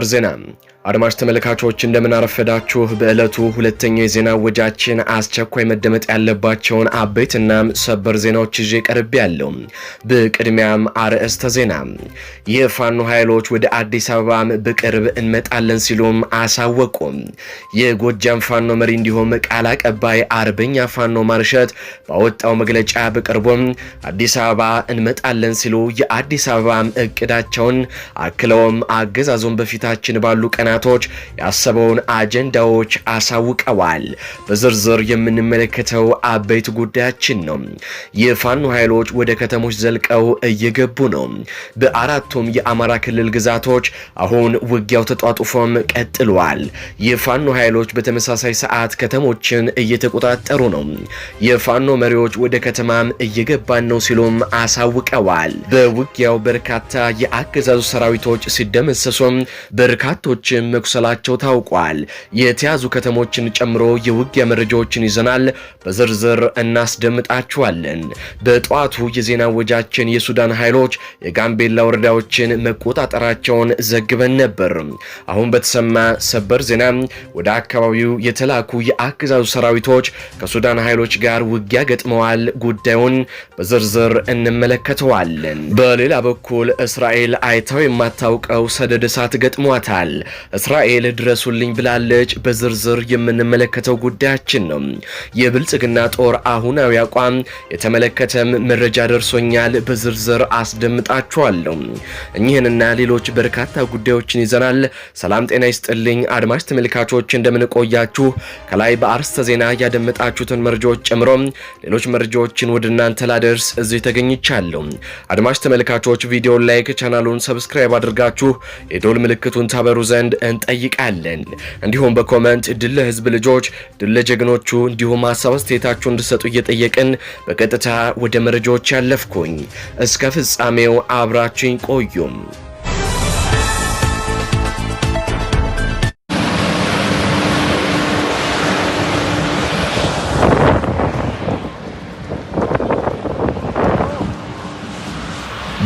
زنم አድማጭ ተመልካቾች እንደምናረፈዳችሁ በዕለቱ ሁለተኛ የዜና ወጃችን አስቸኳይ መደመጥ ያለባቸውን አበይትና ሰበር ዜናዎች ይዤ ቀርብ ያለው። በቅድሚያም አርዕስተ ዜና የፋኖ ኃይሎች ወደ አዲስ አበባም በቅርብ እንመጣለን ሲሉም አሳወቁ የጎጃም ፋኖ መሪ እንዲሁም ቃል አቀባይ አርበኛ ፋኖ ማርሸት ባወጣው መግለጫ በቅርቡም አዲስ አበባ እንመጣለን ሲሉ የአዲስ አበባም እቅዳቸውን አክለውም አገዛዙን በፊታችን ባሉ ቀናት ቀናቶች ያሰበውን አጀንዳዎች አሳውቀዋል። በዝርዝር የምንመለከተው አበይት ጉዳያችን ነው። የፋኖ ኃይሎች ወደ ከተሞች ዘልቀው እየገቡ ነው። በአራቱም የአማራ ክልል ግዛቶች አሁን ውጊያው ተጧጡፎም ቀጥሏል። የፋኖ ኃይሎች በተመሳሳይ ሰዓት ከተሞችን እየተቆጣጠሩ ነው። የፋኖ መሪዎች ወደ ከተማም እየገባን ነው ሲሉም አሳውቀዋል። በውጊያው በርካታ የአገዛዙ ሰራዊቶች ሲደመሰሱም በርካቶች ሰዎችም መቁሰላቸው ታውቋል። የተያዙ ከተሞችን ጨምሮ የውጊያ መረጃዎችን ይዘናል፣ በዝርዝር እናስደምጣችኋለን። በጠዋቱ የዜና ወጃችን የሱዳን ኃይሎች የጋምቤላ ወረዳዎችን መቆጣጠራቸውን ዘግበን ነበር። አሁን በተሰማ ሰበር ዜና ወደ አካባቢው የተላኩ የአገዛዙ ሰራዊቶች ከሱዳን ኃይሎች ጋር ውጊያ ገጥመዋል። ጉዳዩን በዝርዝር እንመለከተዋለን። በሌላ በኩል እስራኤል አይታው የማታውቀው ሰደድ እሳት ገጥሟታል። እስራኤል ድረሱልኝ ብላለች። በዝርዝር የምንመለከተው ጉዳያችን ነው። የብልጽግና ጦር አሁናዊ አቋም የተመለከተም መረጃ ደርሶኛል። በዝርዝር አስደምጣችኋለሁ። እኚህንና ሌሎች በርካታ ጉዳዮችን ይዘናል። ሰላም ጤና ይስጥልኝ አድማጭ ተመልካቾች፣ እንደምንቆያችሁ ከላይ በአርስተ ዜና ያደመጣችሁትን መረጃዎች ጨምሮ ሌሎች መረጃዎችን ወደ እናንተ ላደርስ እዚህ ተገኝቻለሁ። አድማጭ ተመልካቾች ቪዲዮን ላይክ፣ ቻናሉን ሰብስክራይብ አድርጋችሁ የዶል ምልክቱን ታበሩ ዘንድ እንጠይቃለን። እንዲሁም በኮመንት ድል ለህዝብ ልጆች፣ ድል ለጀግኖቹ እንዲሁም ሀሳብ አስተያየታችሁ እንድሰጡ እየጠየቅን በቀጥታ ወደ መረጃዎች ያለፍኩኝ እስከ ፍጻሜው አብራችኝ ቆዩም።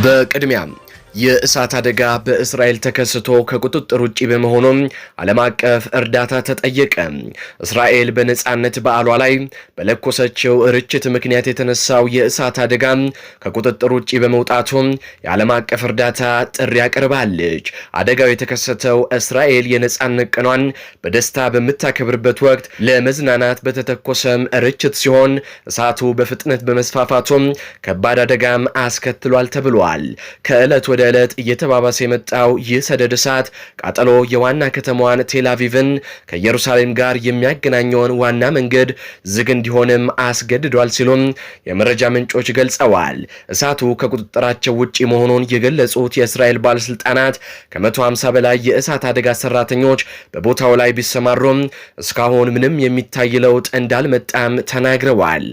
በቅድሚያም የእሳት አደጋ በእስራኤል ተከስቶ ከቁጥጥር ውጪ በመሆኑም ዓለም አቀፍ እርዳታ ተጠየቀ። እስራኤል በነጻነት በዓሏ ላይ በለኮሰችው ርችት ምክንያት የተነሳው የእሳት አደጋ ከቁጥጥር ውጪ በመውጣቱ የዓለም አቀፍ እርዳታ ጥሪ አቅርባለች። አደጋው የተከሰተው እስራኤል የነጻነት ቀኗን በደስታ በምታከብርበት ወቅት ለመዝናናት በተተኮሰም ርችት ሲሆን እሳቱ በፍጥነት በመስፋፋቱም ከባድ አደጋም አስከትሏል ተብሏል። ከዕለት ወደ ዕለት እየተባባሰ የመጣው ይህ ሰደድ እሳት ቃጠሎ የዋና ከተማዋን ቴላቪቭን ከኢየሩሳሌም ጋር የሚያገናኘውን ዋና መንገድ ዝግ እንዲሆንም አስገድዷል ሲሉም የመረጃ ምንጮች ገልጸዋል። እሳቱ ከቁጥጥራቸው ውጭ መሆኑን የገለጹት የእስራኤል ባለስልጣናት ከ150 በላይ የእሳት አደጋ ሰራተኞች በቦታው ላይ ቢሰማሩም እስካሁን ምንም የሚታይ ለውጥ እንዳልመጣም ተናግረዋል።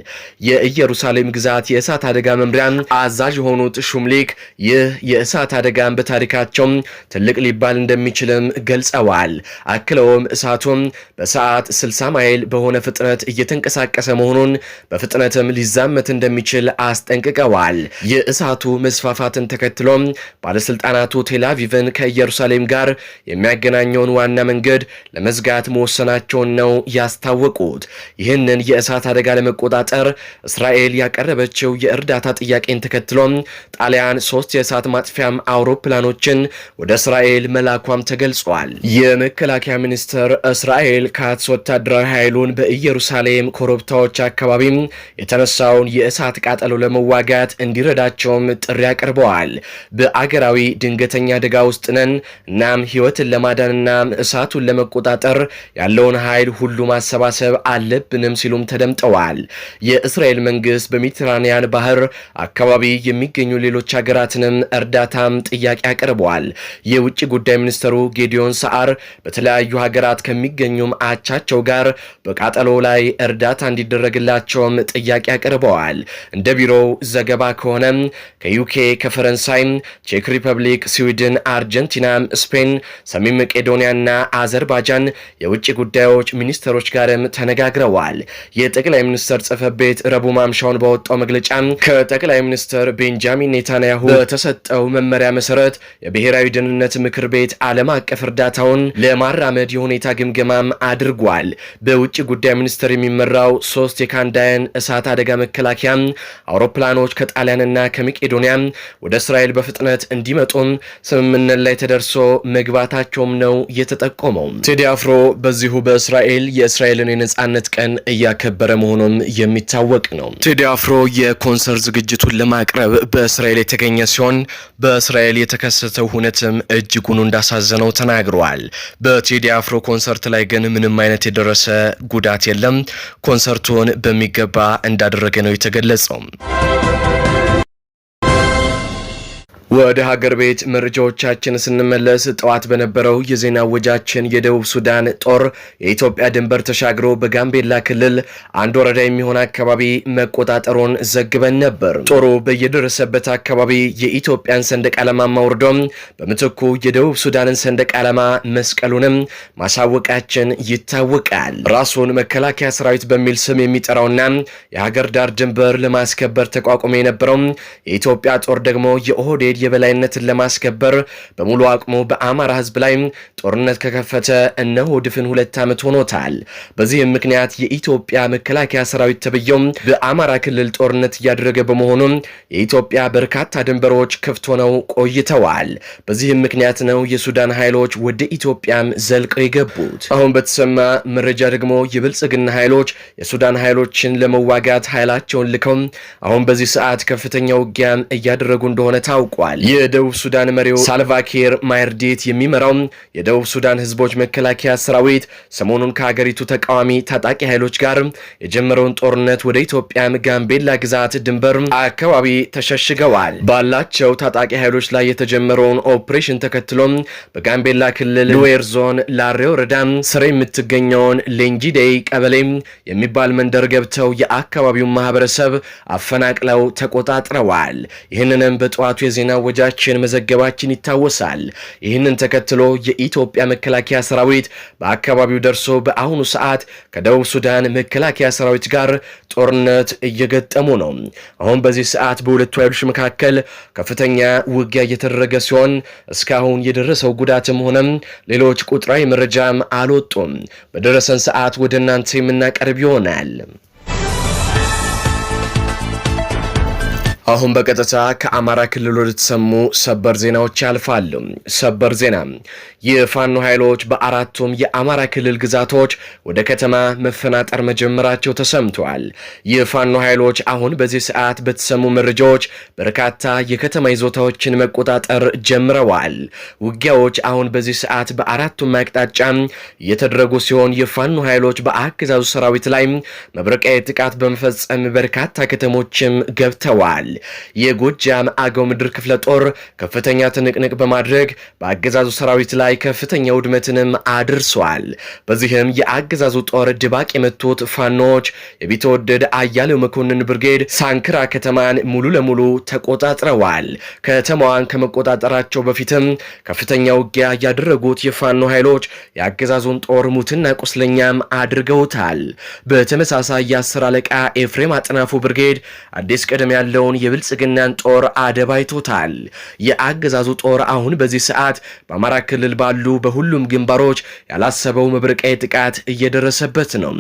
የኢየሩሳሌም ግዛት የእሳት አደጋ መምሪያ አዛዥ የሆኑት ሹምሊክ ይህ የእሳት የእሳት አደጋን በታሪካቸው ትልቅ ሊባል እንደሚችልም ገልጸዋል። አክለውም እሳቱም በሰዓት 60 ማይል በሆነ ፍጥነት እየተንቀሳቀሰ መሆኑን በፍጥነትም ሊዛመት እንደሚችል አስጠንቅቀዋል። የእሳቱ መስፋፋትን ተከትሎም ባለስልጣናቱ ቴላቪቭን ከኢየሩሳሌም ጋር የሚያገናኘውን ዋና መንገድ ለመዝጋት መወሰናቸውን ነው ያስታወቁት። ይህንን የእሳት አደጋ ለመቆጣጠር እስራኤል ያቀረበችው የእርዳታ ጥያቄን ተከትሎም ጣሊያን ሶስት የእሳት ማጥፊያ በመጠቀም አውሮፕላኖችን ወደ እስራኤል መላኳም ተገልጿል። የመከላከያ ሚኒስትር እስራኤል ካትስ ወታደራዊ ኃይሉን በኢየሩሳሌም ኮረብታዎች አካባቢም የተነሳውን የእሳት ቃጠሎ ለመዋጋት እንዲረዳቸውም ጥሪ አቅርበዋል። በአገራዊ ድንገተኛ አደጋ ውስጥ ነን፣ እናም ህይወትን ለማዳንና እሳቱን ለመቆጣጠር ያለውን ኃይል ሁሉ ማሰባሰብ አለብንም ሲሉም ተደምጠዋል። የእስራኤል መንግስት በሜዲትራንያን ባህር አካባቢ የሚገኙ ሌሎች ሀገራትንም እርዳታ እንዲፈታም ጥያቄ አቅርበዋል። የውጭ ጉዳይ ሚኒስትሩ ጌዲዮን ሰዓር በተለያዩ ሀገራት ከሚገኙም አቻቸው ጋር በቃጠሎ ላይ እርዳታ እንዲደረግላቸውም ጥያቄ አቅርበዋል። እንደ ቢሮው ዘገባ ከሆነም ከዩኬ፣ ከፈረንሳይ፣ ቼክ ሪፐብሊክ፣ ስዊድን፣ አርጀንቲና፣ ስፔን፣ ሰሜን መቄዶንያና አዘርባጃን የውጭ ጉዳዮች ሚኒስትሮች ጋርም ተነጋግረዋል። የጠቅላይ ሚኒስትር ጽህፈት ቤት ረቡዕ ማምሻውን በወጣው መግለጫ ከጠቅላይ ሚኒስትር ቤንጃሚን ኔታንያሁ በተሰጠው መመ መመሪያ መሰረት የብሔራዊ ደህንነት ምክር ቤት ዓለም አቀፍ እርዳታውን ለማራመድ የሁኔታ ግምገማም አድርጓል። በውጭ ጉዳይ ሚኒስቴር የሚመራው ሶስት የካንዳያን እሳት አደጋ መከላከያ አውሮፕላኖች ከጣሊያንና ከመቄዶንያ ወደ እስራኤል በፍጥነት እንዲመጡም ስምምነት ላይ ተደርሶ መግባታቸውም ነው የተጠቆመው። ቴዲ አፍሮ በዚሁ በእስራኤል የእስራኤልን የነጻነት ቀን እያከበረ መሆኑም የሚታወቅ ነው። ቴዲ አፍሮ የኮንሰርት ዝግጅቱን ለማቅረብ በእስራኤል የተገኘ ሲሆን በ በእስራኤል የተከሰተው ሁነትም እጅጉኑ እንዳሳዘነው ተናግረዋል። በቴዲ አፍሮ ኮንሰርት ላይ ግን ምንም አይነት የደረሰ ጉዳት የለም። ኮንሰርቱን በሚገባ እንዳደረገ ነው የተገለጸው። ወደ ሀገር ቤት መረጃዎቻችን ስንመለስ ጠዋት በነበረው የዜና ወጃችን የደቡብ ሱዳን ጦር የኢትዮጵያ ድንበር ተሻግሮ በጋምቤላ ክልል አንድ ወረዳ የሚሆን አካባቢ መቆጣጠሩን ዘግበን ነበር። ጦሩ በየደረሰበት አካባቢ የኢትዮጵያን ሰንደቅ ዓላማ ማውርዶም በምትኩ የደቡብ ሱዳንን ሰንደቅ ዓላማ መስቀሉንም ማሳወቃችን ይታወቃል። ራሱን መከላከያ ሰራዊት በሚል ስም የሚጠራውና የሀገር ዳር ድንበር ለማስከበር ተቋቁሞ የነበረው የኢትዮጵያ ጦር ደግሞ የኦህዴድ የበላይነትን ለማስከበር በሙሉ አቅሙ በአማራ ህዝብ ላይ ጦርነት ከከፈተ እነሆ ድፍን ሁለት ዓመት ሆኖታል። በዚህም ምክንያት የኢትዮጵያ መከላከያ ሰራዊት ተብየው በአማራ ክልል ጦርነት እያደረገ በመሆኑ የኢትዮጵያ በርካታ ድንበሮች ክፍት ሆነው ቆይተዋል። በዚህም ምክንያት ነው የሱዳን ኃይሎች ወደ ኢትዮጵያም ዘልቀው የገቡት። አሁን በተሰማ መረጃ ደግሞ የብልጽግና ኃይሎች የሱዳን ኃይሎችን ለመዋጋት ኃይላቸውን ልከው አሁን በዚህ ሰዓት ከፍተኛ ውጊያም እያደረጉ እንደሆነ ታውቋል። ተናግረዋል። የደቡብ ሱዳን መሪው ሳልቫኪር ማይርዲት የሚመራው የደቡብ ሱዳን ህዝቦች መከላከያ ሰራዊት ሰሞኑን ከሀገሪቱ ተቃዋሚ ታጣቂ ኃይሎች ጋር የጀመረውን ጦርነት ወደ ኢትዮጵያም ጋምቤላ ግዛት ድንበር አካባቢ ተሸሽገዋል። ባላቸው ታጣቂ ኃይሎች ላይ የተጀመረውን ኦፕሬሽን ተከትሎም በጋምቤላ ክልል ሉዌር ዞን ላሬ ወረዳ ስር የምትገኘውን ሌንጂዴይ ቀበሌ የሚባል መንደር ገብተው የአካባቢውን ማህበረሰብ አፈናቅለው ተቆጣጥረዋል። ይህንንም በጠዋቱ የዜና ማወጃችን መዘገባችን ይታወሳል። ይህንን ተከትሎ የኢትዮጵያ መከላከያ ሰራዊት በአካባቢው ደርሶ በአሁኑ ሰዓት ከደቡብ ሱዳን መከላከያ ሰራዊት ጋር ጦርነት እየገጠሙ ነው። አሁን በዚህ ሰዓት በሁለቱ ኃይሎች መካከል ከፍተኛ ውጊያ እየተደረገ ሲሆን እስካሁን የደረሰው ጉዳትም ሆነም ሌሎች ቁጥራዊ መረጃም አልወጡም። በደረሰን ሰዓት ወደ እናንተ የምናቀርብ ይሆናል። አሁን በቀጥታ ከአማራ ክልል ወደተሰሙ ሰበር ዜናዎች ያልፋሉ። ሰበር ዜና የፋኖ ኃይሎች በአራቱም የአማራ ክልል ግዛቶች ወደ ከተማ መፈናጠር መጀመራቸው ተሰምተዋል። የፋኖ ኃይሎች አሁን በዚህ ሰዓት በተሰሙ መረጃዎች በርካታ የከተማ ይዞታዎችን መቆጣጠር ጀምረዋል። ውጊያዎች አሁን በዚህ ሰዓት በአራቱም አቅጣጫ እየተደረጉ ሲሆን የፋኖ ኃይሎች በአገዛዙ ሰራዊት ላይ መብረቃዊ ጥቃት በመፈጸም በርካታ ከተሞችም ገብተዋል። የጎጃም አገው ምድር ክፍለ ጦር ከፍተኛ ትንቅንቅ በማድረግ በአገዛዙ ሰራዊት ላይ ከፍተኛ ውድመትንም አድርሷል። በዚህም የአገዛዙ ጦር ድባቅ የመቱት ፋኖች የቢተወደድ አያሌው መኮንን ብርጌድ ሳንክራ ከተማን ሙሉ ለሙሉ ተቆጣጥረዋል። ከተማዋን ከመቆጣጠራቸው በፊትም ከፍተኛ ውጊያ ያደረጉት የፋኖ ኃይሎች የአገዛዙን ጦር ሙትና ቁስለኛም አድርገውታል። በተመሳሳይ የአስር አለቃ ኤፍሬም አጥናፉ ብርጌድ አዲስ ቀደም ያለውን የ የብልጽግናን ጦር አደባይቶታል። የአገዛዙ ጦር አሁን በዚህ ሰዓት በአማራ ክልል ባሉ በሁሉም ግንባሮች ያላሰበው መብረቃዊ ጥቃት እየደረሰበት ነው።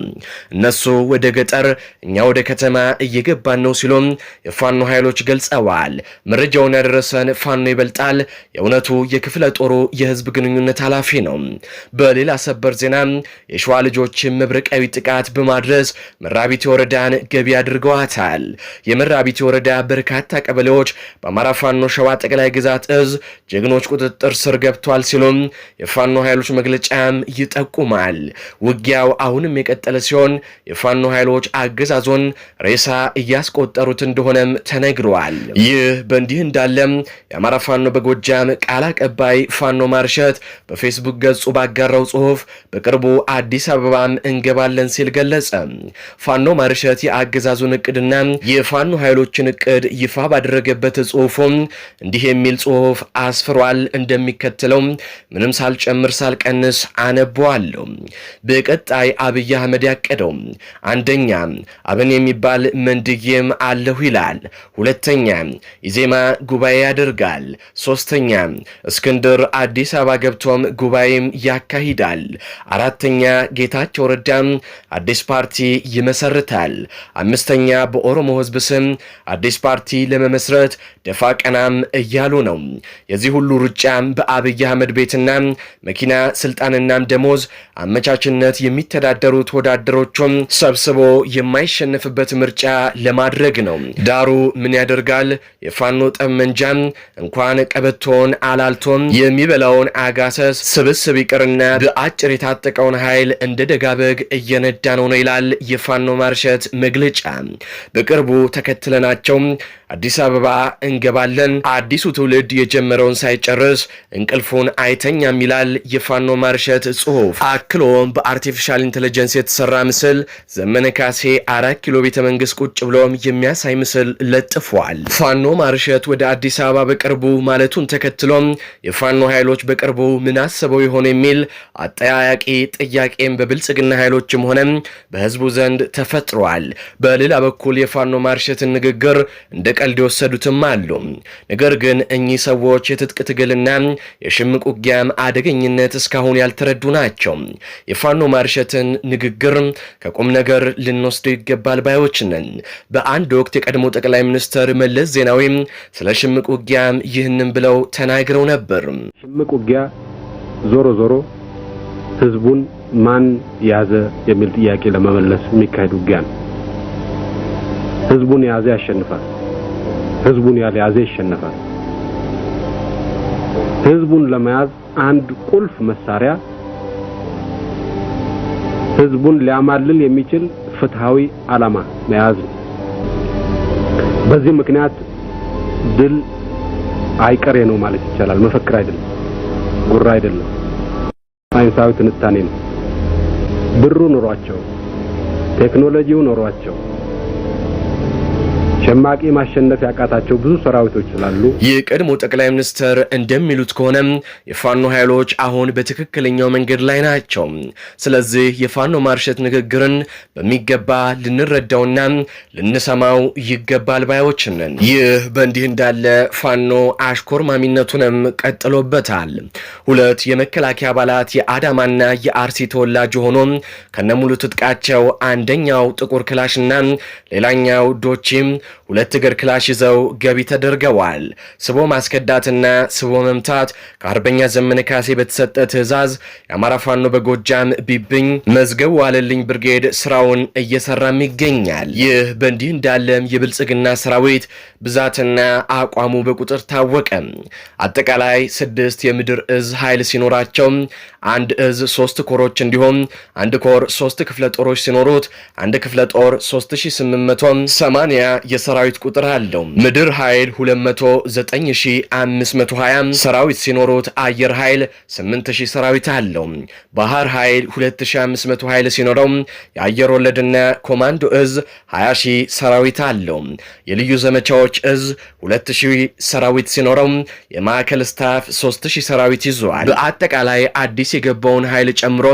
እነሱ ወደ ገጠር፣ እኛ ወደ ከተማ እየገባን ነው ሲሉም የፋኖ ኃይሎች ገልጸዋል። መረጃውን ያደረሰን ፋኖ ይበልጣል የእውነቱ የክፍለ ጦሩ የህዝብ ግንኙነት ኃላፊ ነው። በሌላ ሰበር ዜና የሸዋ ልጆችን መብረቃዊ ጥቃት በማድረስ መራቢት ወረዳን ገቢ አድርገዋታል። የመራቢት ወረዳ በር በርካታ ቀበሌዎች በአማራ ፋኖ ሸዋ ጠቅላይ ግዛት እዝ ጀግኖች ቁጥጥር ስር ገብቷል ሲሉም የፋኖ ኃይሎች መግለጫም ይጠቁማል። ውጊያው አሁንም የቀጠለ ሲሆን የፋኖ ኃይሎች አገዛዞን ሬሳ እያስቆጠሩት እንደሆነም ተነግረዋል። ይህ በእንዲህ እንዳለም የአማራ ፋኖ በጎጃም ቃል አቀባይ ፋኖ ማርሸት በፌስቡክ ገጹ ባጋራው ጽሁፍ በቅርቡ አዲስ አበባም እንገባለን ሲል ገለጸ። ፋኖ ማርሸት የአገዛዙን እቅድና የፋኖ ኃይሎችን እቅድ መንገድ ይፋ ባደረገበት ጽሁፉም እንዲህ የሚል ጽሁፍ አስፍሯል። እንደሚከተለው ምንም ሳልጨምር ሳልቀንስ አነበዋለሁ። በቀጣይ አብይ አህመድ ያቀደው አንደኛ አብን የሚባል መንድዬም አለሁ ይላል። ሁለተኛ ኢዜማ ጉባኤ ያደርጋል። ሶስተኛ እስክንድር አዲስ አበባ ገብቶም ጉባኤም ያካሂዳል። አራተኛ ጌታቸው ረዳም አዲስ ፓርቲ ይመሰርታል። አምስተኛ በኦሮሞ ህዝብ ስም አዲስ ፓርቲ ለመመስረት ደፋ ቀናም እያሉ ነው። የዚህ ሁሉ ሩጫም በአብይ አህመድ ቤትና መኪና ስልጣንናም ደሞዝ አመቻችነት የሚተዳደሩ ወዳደሮቹም ሰብስቦ የማይሸነፍበት ምርጫ ለማድረግ ነው። ዳሩ ምን ያደርጋል? የፋኖ ጠመንጃም እንኳን ቀበቶን አላልቶም የሚበላውን አጋሰስ ስብስብ ይቅርና በአጭር የታጠቀውን ኃይል እንደ ደጋበግ እየነዳ ነው ነው ይላል የፋኖ ማርሸት መግለጫ። በቅርቡ ተከትለናቸው like አዲስ አበባ እንገባለን፣ አዲሱ ትውልድ የጀመረውን ሳይጨርስ እንቅልፉን አይተኛም ይላል የፋኖ ማርሸት ጽሑፍ። አክሎም በአርቲፊሻል ኢንቴሊጀንስ የተሰራ ምስል ዘመነ ካሴ አራት ኪሎ ቤተ መንግስት ቁጭ ብሎም የሚያሳይ ምስል ለጥፏል። ፋኖ ማርሸት ወደ አዲስ አበባ በቅርቡ ማለቱን ተከትሎም የፋኖ ኃይሎች በቅርቡ ምን አስበው የሆነ የሚል አጠያያቂ ጥያቄም በብልጽግና ኃይሎችም ሆነም በህዝቡ ዘንድ ተፈጥሯል። በሌላ በኩል የፋኖ ማርሸትን ንግግር እንደ ቀል የወሰዱትም አሉ። ነገር ግን እኚህ ሰዎች የትጥቅ ትግልና የሽምቅ ውጊያም አደገኝነት እስካሁን ያልተረዱ ናቸው። የፋኖ ማርሸትን ንግግር ከቁም ነገር ልንወስደው ይገባል ባዮች ነን። በአንድ ወቅት የቀድሞ ጠቅላይ ሚኒስትር መለስ ዜናዊ ስለ ሽምቅ ውጊያም ይህንን ብለው ተናግረው ነበር። ሽምቅ ውጊያ ዞሮ ዞሮ ህዝቡን ማን ያዘ የሚል ጥያቄ ለመመለስ የሚካሄድ ውጊያ ነው። ህዝቡን የያዘ ያሸንፋል። ህዝቡን ያልያዘ ይሸነፋል። ህዝቡን ለመያዝ አንድ ቁልፍ መሳሪያ ህዝቡን ሊያማልል የሚችል ፍትሃዊ ዓላማ መያዝ ነው። በዚህ ምክንያት ድል አይቀሬ ነው ማለት ይቻላል። መፈክር አይደለም፣ ጉራ አይደለም፣ ሳይንሳዊ ትንታኔ ነው። ብሩ ኖሯቸው፣ ቴክኖሎጂው ኖሯቸው ሸማቂ ማሸነፍ ያቃታቸው ብዙ ሰራዊቶች ስላሉ የቀድሞ ጠቅላይ ሚኒስትር እንደሚሉት ከሆነ የፋኖ ኃይሎች አሁን በትክክለኛው መንገድ ላይ ናቸው። ስለዚህ የፋኖ ማርሸት ንግግርን በሚገባ ልንረዳውና ልንሰማው ይገባል ባዮችን ነን። ይህ በእንዲህ እንዳለ ፋኖ አሽኮርማሚነቱንም ቀጥሎበታል። ሁለት የመከላከያ አባላት የአዳማና የአርሲ ተወላጅ ሆኖ ከነሙሉ ትጥቃቸው አንደኛው ጥቁር ክላሽና ሌላኛው ዶቼ። ሁለት እግር ክላሽ ይዘው ገቢ ተደርገዋል። ስቦ ማስከዳትና ስቦ መምታት ከአርበኛ ዘመነ ካሴ በተሰጠ ትዕዛዝ የአማራ ፋኖ በጎጃም ቢብኝ መዝገቡ ዋለልኝ ብርጌድ ስራውን እየሰራም ይገኛል። ይህ በእንዲህ እንዳለም የብልጽግና ሰራዊት ብዛትና አቋሙ በቁጥር ታወቀ። አጠቃላይ ስድስት የምድር እዝ ኃይል ሲኖራቸው አንድ እዝ ሶስት ኮሮች እንዲሁም አንድ ኮር ሶስት ክፍለ ጦሮች ሲኖሩት አንድ ክፍለ ጦር 3880 የሰራዊት ቁጥር አለው። ምድር ኃይል 29520 ሰራዊት ሲኖሩት አየር ኃይል 8000 ሰራዊት አለው። ባህር ኃይል 2500 ኃይል ሲኖረው የአየር ወለድና ኮማንዶ እዝ 20000 ሰራዊት አለው። የልዩ ዘመቻዎች እዝ 2000 ሰራዊት ሲኖረው የማዕከል ስታፍ 3000 ሰራዊት ይዟል። በአጠቃላይ አዲስ የገባውን ኃይል ጨምሮ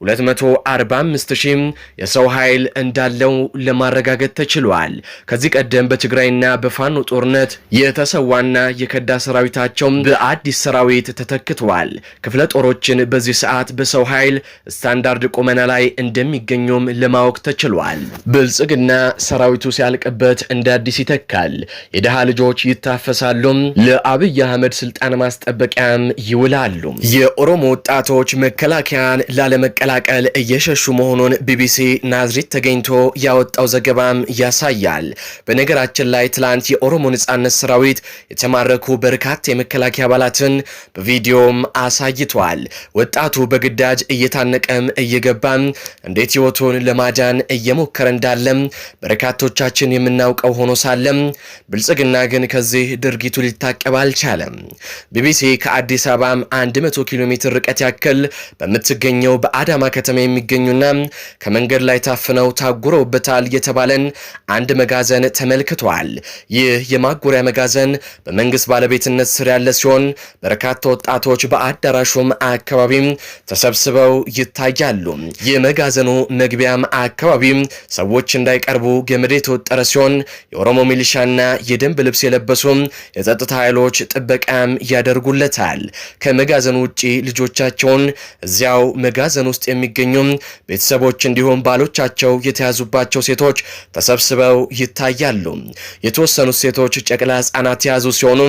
245000 የሰው ኃይል እንዳለው ለማረጋገጥ ተችሏል። ከዚህ ቀደም በትግራይና በፋኖ ጦርነት የተሰዋና የከዳ ሰራዊታቸው በአዲስ ሰራዊት ተተክቷል። ክፍለ ጦሮችን በዚህ ሰዓት በሰው ኃይል ስታንዳርድ ቁመና ላይ እንደሚገኙም ለማወቅ ተችሏል። ብልጽግና ሰራዊቱ ሲያልቅበት እንደ አዲስ ይተካል። የድሃ ልጆች ይታፈሳሉ። ለአብይ አህመድ ስልጣን ማስጠበቂያም ይውላሉ። የኦሮሞ ወጣቶች መከላከያን ላለመቀ ለመቀላቀል እየሸሹ መሆኑን ቢቢሲ ናዝሪት ተገኝቶ ያወጣው ዘገባም ያሳያል። በነገራችን ላይ ትላንት የኦሮሞ ነጻነት ሰራዊት የተማረኩ በርካታ የመከላከያ አባላትን በቪዲዮም አሳይቷል። ወጣቱ በግዳጅ እየታነቀም እየገባም እንዴት ህይወቱን ለማዳን እየሞከረ እንዳለም በርካቶቻችን የምናውቀው ሆኖ ሳለም ብልጽግና ግን ከዚህ ድርጊቱ ሊታቀብ አልቻለም። ቢቢሲ ከአዲስ አበባም 100 ኪሎ ሜትር ርቀት ያክል በምትገኘው በአዳ አዳማ ከተማ የሚገኙና ከመንገድ ላይ ታፍነው ታጉረውበታል የተባለን አንድ መጋዘን ተመልክቷል። ይህ የማጎሪያ መጋዘን በመንግስት ባለቤትነት ስር ያለ ሲሆን በርካታ ወጣቶች በአዳራሹም አካባቢም ተሰብስበው ይታያሉ። የመጋዘኑ መግቢያም አካባቢም ሰዎች እንዳይቀርቡ ገመድ የተወጠረ ሲሆን የኦሮሞ ሚሊሻና የደንብ ልብስ የለበሱም የጸጥታ ኃይሎች ጥበቃም ያደርጉለታል። ከመጋዘኑ ውጪ ልጆቻቸውን እዚያው መጋዘን ውስጥ የሚገኙ ቤተሰቦች እንዲሁም ባሎቻቸው የተያዙባቸው ሴቶች ተሰብስበው ይታያሉ። የተወሰኑት ሴቶች ጨቅላ ህጻናት የያዙ ሲሆኑ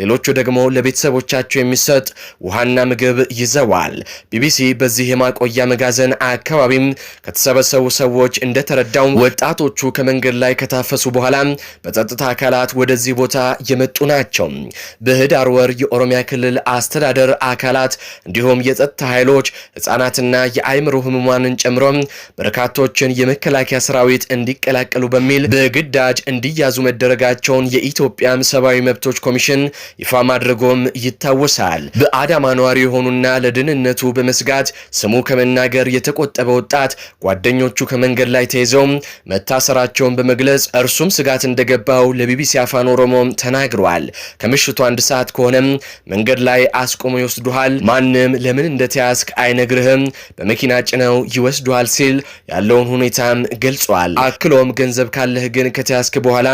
ሌሎቹ ደግሞ ለቤተሰቦቻቸው የሚሰጥ ውሃና ምግብ ይዘዋል። ቢቢሲ በዚህ የማቆያ መጋዘን አካባቢም ከተሰበሰቡ ሰዎች እንደተረዳው ወጣቶቹ ከመንገድ ላይ ከታፈሱ በኋላ በጸጥታ አካላት ወደዚህ ቦታ የመጡ ናቸው። በህዳር ወር የኦሮሚያ ክልል አስተዳደር አካላት እንዲሁም የጸጥታ ኃይሎች ህጻናትና የአእምሮ ህሙማንን ጨምሮ በርካቶችን የመከላከያ ሰራዊት እንዲቀላቀሉ በሚል በግዳጅ እንዲያዙ መደረጋቸውን የኢትዮጵያ ሰብአዊ መብቶች ኮሚሽን ይፋ ማድረጉም ይታወሳል። በአዳማ ነዋሪ የሆኑና ለደህንነቱ በመስጋት ስሙ ከመናገር የተቆጠበ ወጣት ጓደኞቹ ከመንገድ ላይ ተይዘው መታሰራቸውን በመግለጽ እርሱም ስጋት እንደገባው ለቢቢሲ አፋን ኦሮሞ ተናግረዋል። ከምሽቱ አንድ ሰዓት ከሆነም መንገድ ላይ አስቆሞ ይወስዱሃል፣ ማንም ለምን እንደተያዝክ አይነግርህም። መኪና ጭነው ይወስዷል ሲል ያለውን ሁኔታም ገልጿል። አክሎም ገንዘብ ካለህ ግን ከተያዝክ በኋላ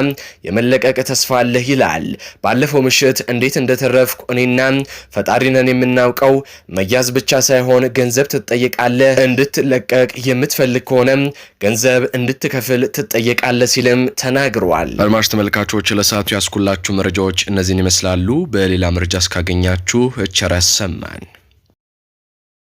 የመለቀቅ ተስፋ አለህ ይላል። ባለፈው ምሽት እንዴት እንደተረፍኩ እኔና ፈጣሪነን የምናውቀው መያዝ ብቻ ሳይሆን ገንዘብ ትጠየቃለህ። እንድትለቀቅ የምትፈልግ ከሆነ ገንዘብ እንድትከፍል ትጠየቃለህ ሲልም ተናግሯል። አድማጭ ተመልካቾች ለሰዓቱ ያስኩላችሁ መረጃዎች እነዚህን ይመስላሉ። በሌላ መረጃ እስካገኛችሁ ቸር ያሰማን።